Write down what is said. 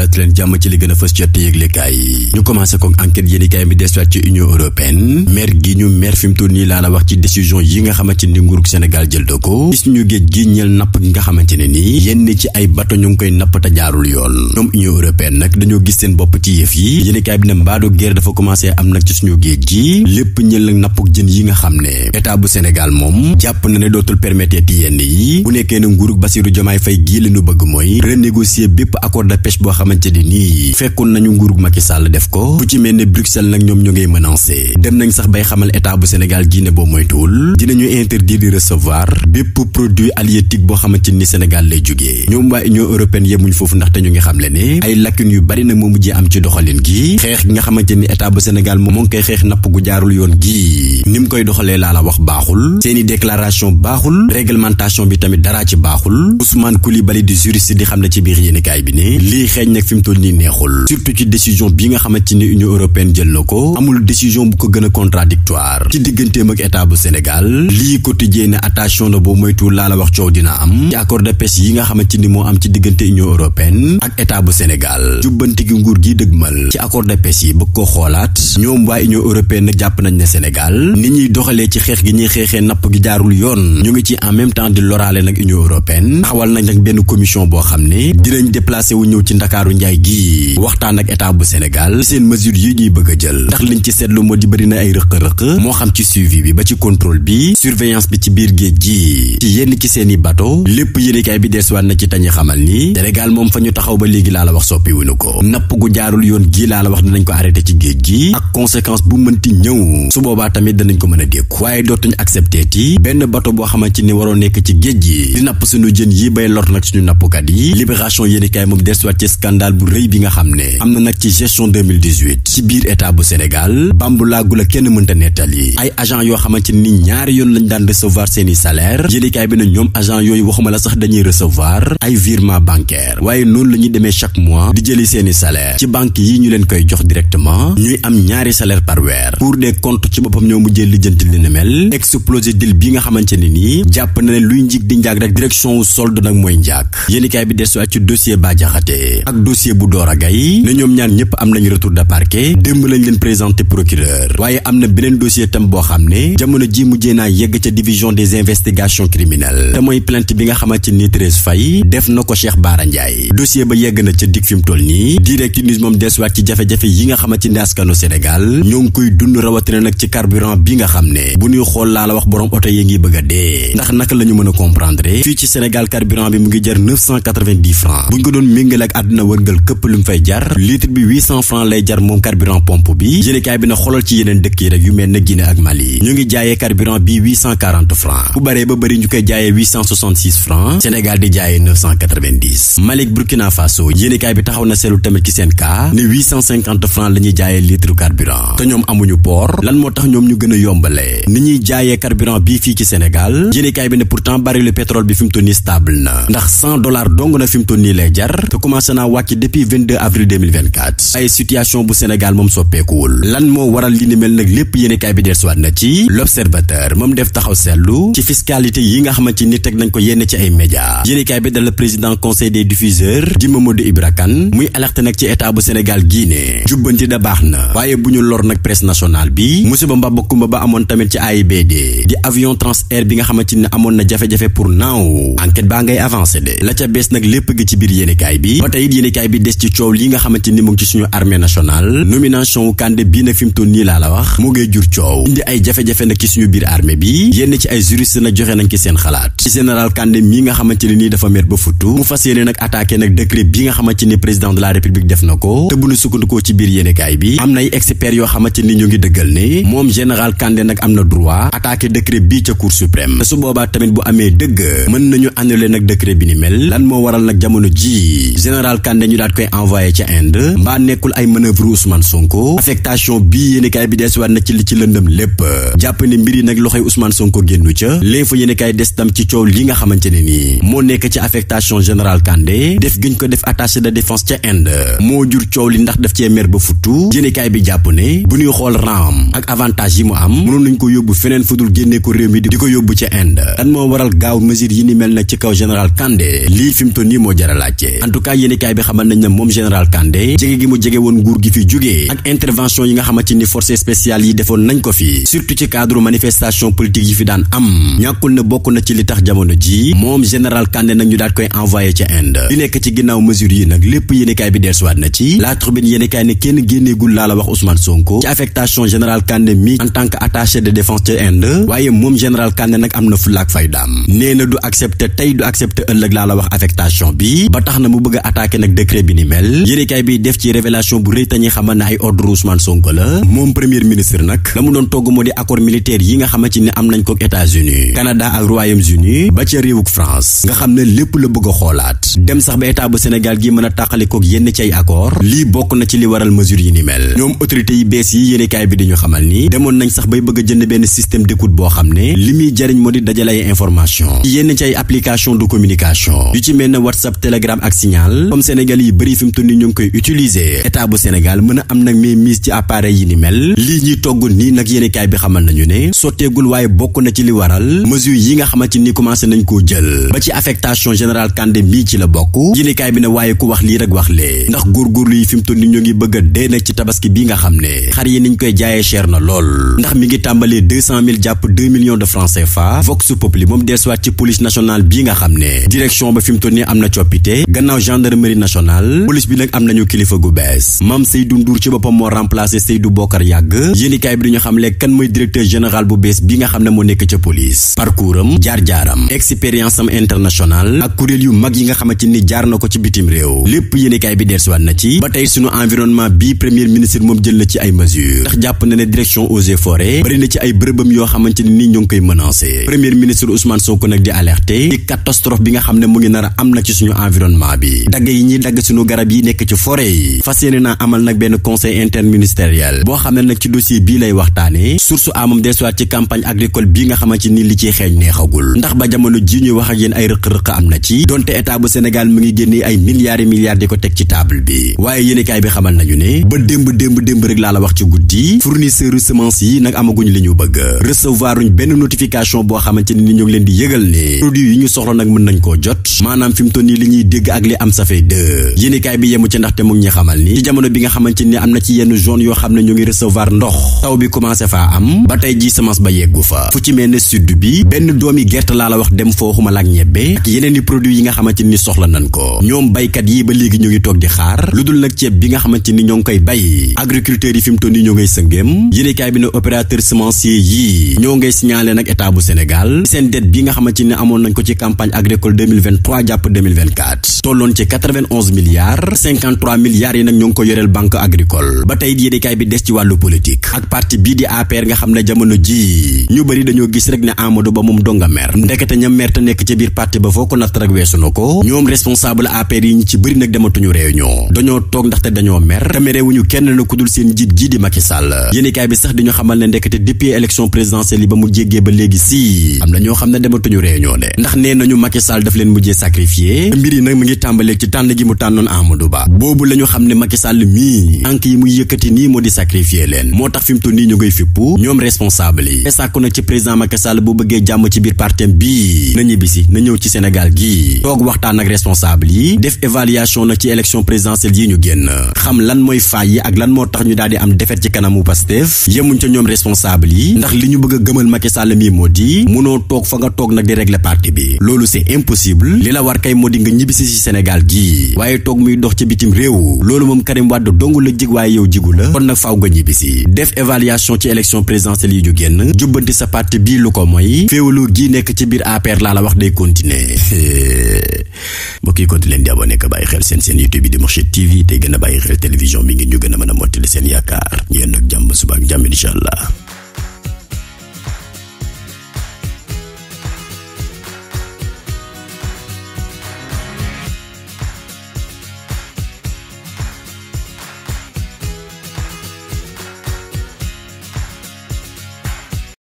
daat leen jàmm ci li gën a fës ci yëglekaay yi ñu commencé ko enquête yéenekaay bi desuwaat ci union européenne mer gi ñu mer fi mu toll nii laa la wax ci décision yi nga xamante ni nguurug Sénégal jël da ko gis ñu géej gi nga xamante ne nii yenn ci ay bato ñu ngi koy napp te jaarul yoon ñoom union nag dañoo gis seen bopp ci yëf yi yéenekaay bi ne mbaadu guerre dafa commencé am nag ci suñu géej gi lépp ñeel jën yi nga xam ne état bu Sénégal moom jàpp na ne dootul permettre yenn yi bu nekkee ne nguurug Bassirou Diomaye Faye gii li ñu bëgg mooy renégocier bépp accord de pêche boo xam xamante ne nii fekkoon nañu nguurug Macky Sall def ko bu ci mel ne Bruxelles nag ñoom ñu ngay menacé dem nañ sax bay xamal état bu Sénégal ne boo moytuwul dinañu interdire di recevoir bépp produit halieutique boo xamante ni Sénégal lay jógee ñoom waa Union européenne yemuñ foofu ndaxte ñu ngi xam ne ay lacunes yu bari nag moo mujjee am ci doxalin gi xeex gi nga xamante ni état bu Sénégal moom moo ngi koy xeex napp gu jaarul yoon gii ni koy doxalee laa la wax baaxul seeni déclaration baaxul réglementation bi tamit dara ci baaxul Ousmane Coulibaly di juriste di xam ne ci biir yéenekaay bi ne lii xeeñ nekk fi mu toll nii neexul surtout ci décision bi nga xamante ni union européenne jël na ko amul décision bu ko gën a contradictoire ci digganteem ak état bu Sénégal lii quotidien ne attention la boo moytu laa la wax coow dina am ci accord de yi nga xamante ni moo am ci diggante union européenne ak état bu Sénégal jubbanti gi nguur gi dëgmal ci accord de yi bëgg ko xoolaat ñoom waa union européenne nag jàpp nañ ne Sénégal ni ñuy doxalee ci xeex gi ñuy xeexee napp gi jaarul yoon ñu ngi ci en même temps di loraale nag union européenne taxawal nañ nag benn commission boo xam ne dinañ déplacé wu ci Ndakaaru Ndakaaru Njaay gii waxtaan ak état bu Sénégal seen mesure yi ñuy bëgg a jël ndax liñ ci seetlu moo di bëri na ay rëq-rëq moo xam ci suivi bi ba ci contrôle bi surveillance bi ci biir géej gi ci yenn ci seeni bato lépp yéenekaay bi deesuwaat na ci tañu xamal ni Sénégal moom fa ñu taxaw ba léegi laa la wax soppiwuñu ko napp gu jaarul yoon gii laa la wax dinañ ko arrêté ci géej gi ak conséquence bu mënti ñëw su boobaa tamit danañ ko mën a dékku waaye dootuñ accepté ti benn bato boo xamante ni waroo nekk ci géej gi di napp suñu jën yi bay lor nag suñu nappkat yi daal bu rëy bi nga xam ne am na nag ci gestion 2018 ci biir état bu Sénégal bambulaagu la kenn mënta nettali ay agent yoo xamante ni ñaari yoon lañ daan recevoir seeni salaire yéenekaay bi na ñoom agent yooyu waxuma la sax dañuy recevoir ay virement bancaire waaye noonu la ñuy demee chaque mois di jëli seeni salaire ci banque yi ñu leen koy jox directement ñuy am ñaari salaire par weer pour des comptes ci boppam ñoo mujjee lijjanti li ne mel explosé dil bi nga xamante ne nii jàpp na ne luy njig di njaag rek direction solde nag mooy njaag yéenekaay bi desuwaat ci dossier Bah Diakhaté dossier bu Dora Gaye ne ñoom ñaan ñëpp am nañu retour de parquet démb lañ leen présenté procureur waaye am na beneen dossier tam boo xam ne jamono ji mujjee naa yegg ca division des investigations criminelles te mooy plainte bi nga xamante ni Thérèse Faye def na ko Cheikh Bara Ndiaye ba yegg na ca dik fi toll nii Direct News moom desuwaat ci jafe-jafe yi nga xamante ni askanu Sénégal ñoo ngi koy dund rawatina nag ci carburant bi nga xam ne bu ñuy a dee a wërngal këpp lu mu fay jar litre bi francs lay jar moom carburant pompe bi yéenekaay bi na xoolal ci yeneen dëkk yi rek yu mel ne Guinée ak Mali ñu ngi jaayee carburant bi francs bu baree ba bëri ñu koy jaayee 866 francs Sénégal di jaayee 990 bi taxaw na seetlu tamit ci ne 850 francs la ñuy jaayee a yombalee ni ñuy fii ci Sénégal yéenekaay bi ne pourtant baril pétrole bi fi mu toll stable na ndax 100 dong na fi mu toll lay jar te commencé naa wàcc depuis 22 avril 2024 ay situation bu Sénégal moom soppeekuwul lan moo waral li ni mel nag lépp yéenekaay bi dellusiwaat na ci l'observateur moom def taxaw seetlu ci fiscalité yi nga xamante ni teg nañ ko yenn ci ay médias yéenekaay bi dala président conseil des diffuseurs di Mamadou Ibra Kane muy alerte nag ci état bu Sénégal gii ne jubbanti da baax na waaye bu ñu lor nag presse national bi musiba mba bakkumba ba amoon tamit ci AIBD di avion Transair bi nga xamante ni amoon na jafe pour naaw enquête baa ngay avancé la ca nag lépp ci biir yéenekaay bi yéenekaay bi des ci coow ni mu ngi ci suñu armée nationale nomination wu Kandé bii nag fi mu toll nii laa la wax mu ngay jur coow indi ay jafe-jafe nag ci suñu biir armée bi yenn ci ay juriste nag joxe nañ ci seen xalaat général Kandé mii nga xamante ne nii dafa mer ba futtu mu fas yéene nag attaqué nag décret bi nga xamante ni président de la république def na ko te bu ñu sukkandikoo ci biir yéenekaay bi am nay experts yoo xamante ni ñu ngi dëggal ne moom général Kandé nag am na droit attaqué décret bii ca cour suprême te su boobaa tamit bu amee dëgg mën nañu bi ni mel lan moo waral nag jamono ji général Kandé Condé ñu daat koy envoyé ca Inde mbaa nekkul ay manœuvre Ousmane Sonko affectation bii yéenekaay bi des waat na ci li ci lëndëm lépp jàpp ne mbir yi nag loxoy Ousmane Sonko génnu ca L'Info yéenekaay des tam ci coow li nga xamante ne nii moo nekk ci affectation générale kande def giñ ko def attaché de défense ca Inde moo jur coow li ndax def cee mer ba futtu yéenekaay bi jàpp ne bu nuy xool ram ak avantage yi mu am mënoon nañ ko yóbbu feneen fu dul génnee ko réew ko yóbbu ca Inde lan moo gaaw mesure yi ni mel na ci kaw général Kandé lii fi mu toll nii moo jara laajte en xamal nañ ne moom général Kandé jege gi mu jege woon nguur gi fi jógee ak intervention yi nga xamante ni forces spéciales yi defoon nañ ko fi surtout ci cadre manifestation politique yi fi daan am ñàkkul na bokk na ci li tax jamono ji moom général Kandé nag ñu daat koy envoyé ca Inde li nekk ci ginnaaw mesures yi nag lépp yéenekaay bi dellusiwaat na ci La Tribune yéenekaay kenn génneegul laa la wax Ousmane Sonko ci affectation général Kandé mi en tant attaché de défense a attaqué décret bi yi nga xamante ne am nañ ko ba ca réewuk France a xoolaat dem sax ba état Sénégal gi mën a tàqalikook yenn ci ay lii bokk na ci li waral mesure yi ni mel ñoom autorités yi bees yi yéenekaay bi dañu xamal ni demoon nañ sax bay bëgg a jënd benn système d'écoute boo xam ne li muy jariñ moo di dajale ay information yenn ci ay application de communication yu ci mel ne WhatsApp Telegram ak Signal comme Sénégal sénégalais yi bëri fi mu toll nii ñu ngi koy utiliser état bu Sénégal mën a am nag mais mise ci appareil yi ni mel lii ñuy togg nii nag yéenekaay bi xamal nañu ne sotteegul waaye bokk na ci li waral mesure yi nga xamante ni commencé nañ ko jël ba ci affectation générale Kandé bii ci la bokk yéenekaay bi ne waaye ku wax lii rek wax lee ndax góorgóorlu yi fi mu toll ngi bëgg a dee nag ci tabaski bi nga xam ne xar yi niñ koy jaayee cher na lool ndax mi ngi tàmbalee ne direction ba fi mu toll nii am nationale bi nag am nañu kilifa gu bees Mame Seydou Ndour ci boppam moo remplacé Seydou Bokar Yàgg yéenikaay bi dañu xam le kan mooy directeur général bu bees bi nga xam ne moo nekk ca police parcours am jaar-jaaram expérience am internationale ak kuréel yu mag yi nga xamante ni jaar na ko ci bitim réew lépp yéenikaay bi dellusiwaat na ci ba tey suñu environnement bi premier ministre moom jël na ci ay mesures ndax jàpp na ne direction eaux et forêts bari na ci ay bërëbam yoo xamante ni ñu ngi koy menacé premier ministre Ousmane Sonko bi nga xam ne mu ngi nar am na ci suñu environnement bi dagg sunu garab yi nekk ci forêt yi fas yéene amal nag benn conseil interministériel boo xam ne nag ci dossier bii lay waxtaane source amam desuwaat ci campagne agricole bii nga xamante ni li ciy xeeñ neexagul ndax ba jamono ji ñuy wax ak yéen ay rëq-rëq am na ci donte état bu Sénégal mu ngi génnee ay milliards et milliards di ko teg ci table bi waaye yéenekaay bi xamal nañu ne ba démb démb démb rek laa la wax ci guddi fournisseur semence yi nag amaguñ li ñu bëgg recevoir uñ benn notification boo xamante ni ñu leen di yëgal ne produit yi ñu soxla nañ koo jot maanaam fi mu toll nii li ñuy ak li am safee yéenekaay bi yemu ci ndaxte mu ngi ñi xamal ni ci jamono bi nga ne ba tey ji semence ba yeggu fa fu ci mel gerte laa la wax dem fooxuma laak ñebbe ak yeneen i produits yi nga xamante ni soxla nan ko ñoom baykat yi ba léegi ñu ngi toog di xaar lu dul nag ceeb bi nga xamante ni ñoo ngi koy bay agriculteurs yi fi mu toll nii ñoo ngay sëngéem yéenekaay bi ne opérateur semencier yi ñoo ngay signalé nag état bu Sénégal seen dette bi nga xamante ni amoon nañ ko ci campagne agricole 2023 jàpp 2024 tolloon ci 91 onze milliards cinquante trois milliards yi nag ñoo ngi ko yoreel banque agricole ba tey yéenekaay bi des ci wàllu politique ak parti bii di APR nga xam ne jamono ji ñu bëri dañoo gis rek ne Amadou Ba moom donga mer ndekete ña mer nekk ci biir parti ba foo ko natt rek weesu na ko ñoom responsable APR yi ñu ci bëri nag dematuñu réunion dañoo toog ndaxte dañoo mer te merewuñu kenn na ku seen njiit gii di Macky Sall bi sax dañu xamal ne ndekete depuis mu tànnoon Amadou Ba boobu la ñu xam ne Macky Sall mii ank yi muy yëkkati nii moo di sacrifier leen moo tax fi mu toll nii ñu ngay fippu ñoom responsable yi te sàkku nag ci président Macky Sall bu bëggee jàmm ci biir partem bii na ñibbisi na ñëw ci Sénégal gi toog waxtaan ak responsable yi def évaluation nag ci élection présidentielle yi ñu génn xam lan mooy faay yi ak lan moo tax ñu daal di am defet ci kanamu Pastef yemuñ ca ñoom responsable yi ndax li ñu bëgg gëmal Macky Sall mii moo di munoo toog fa nga toog nag di régler parti bi loolu c'est impossible li moo di nga ñibbisi ci Sénégal gii waaye toog muy dox ci bitim réew loolu moom Karim Wade dong la jig waaye yow jigu la kon nag faaw bi si def évaluation ci élection présidentielle yi ju génn jubbanti sa parti bii lu ko mooy féewaloo gii nekk ci biir APR laa la wax day continuer mbokk yi continuer di abonné ko bàyyi xel seen seen YouTube bi di Mourchid TV tey gën a bàyyi xel télévision bi ngir ñu gën a mën a mottali seen yaakaar yéen ak jàmm suba ak jàmm allah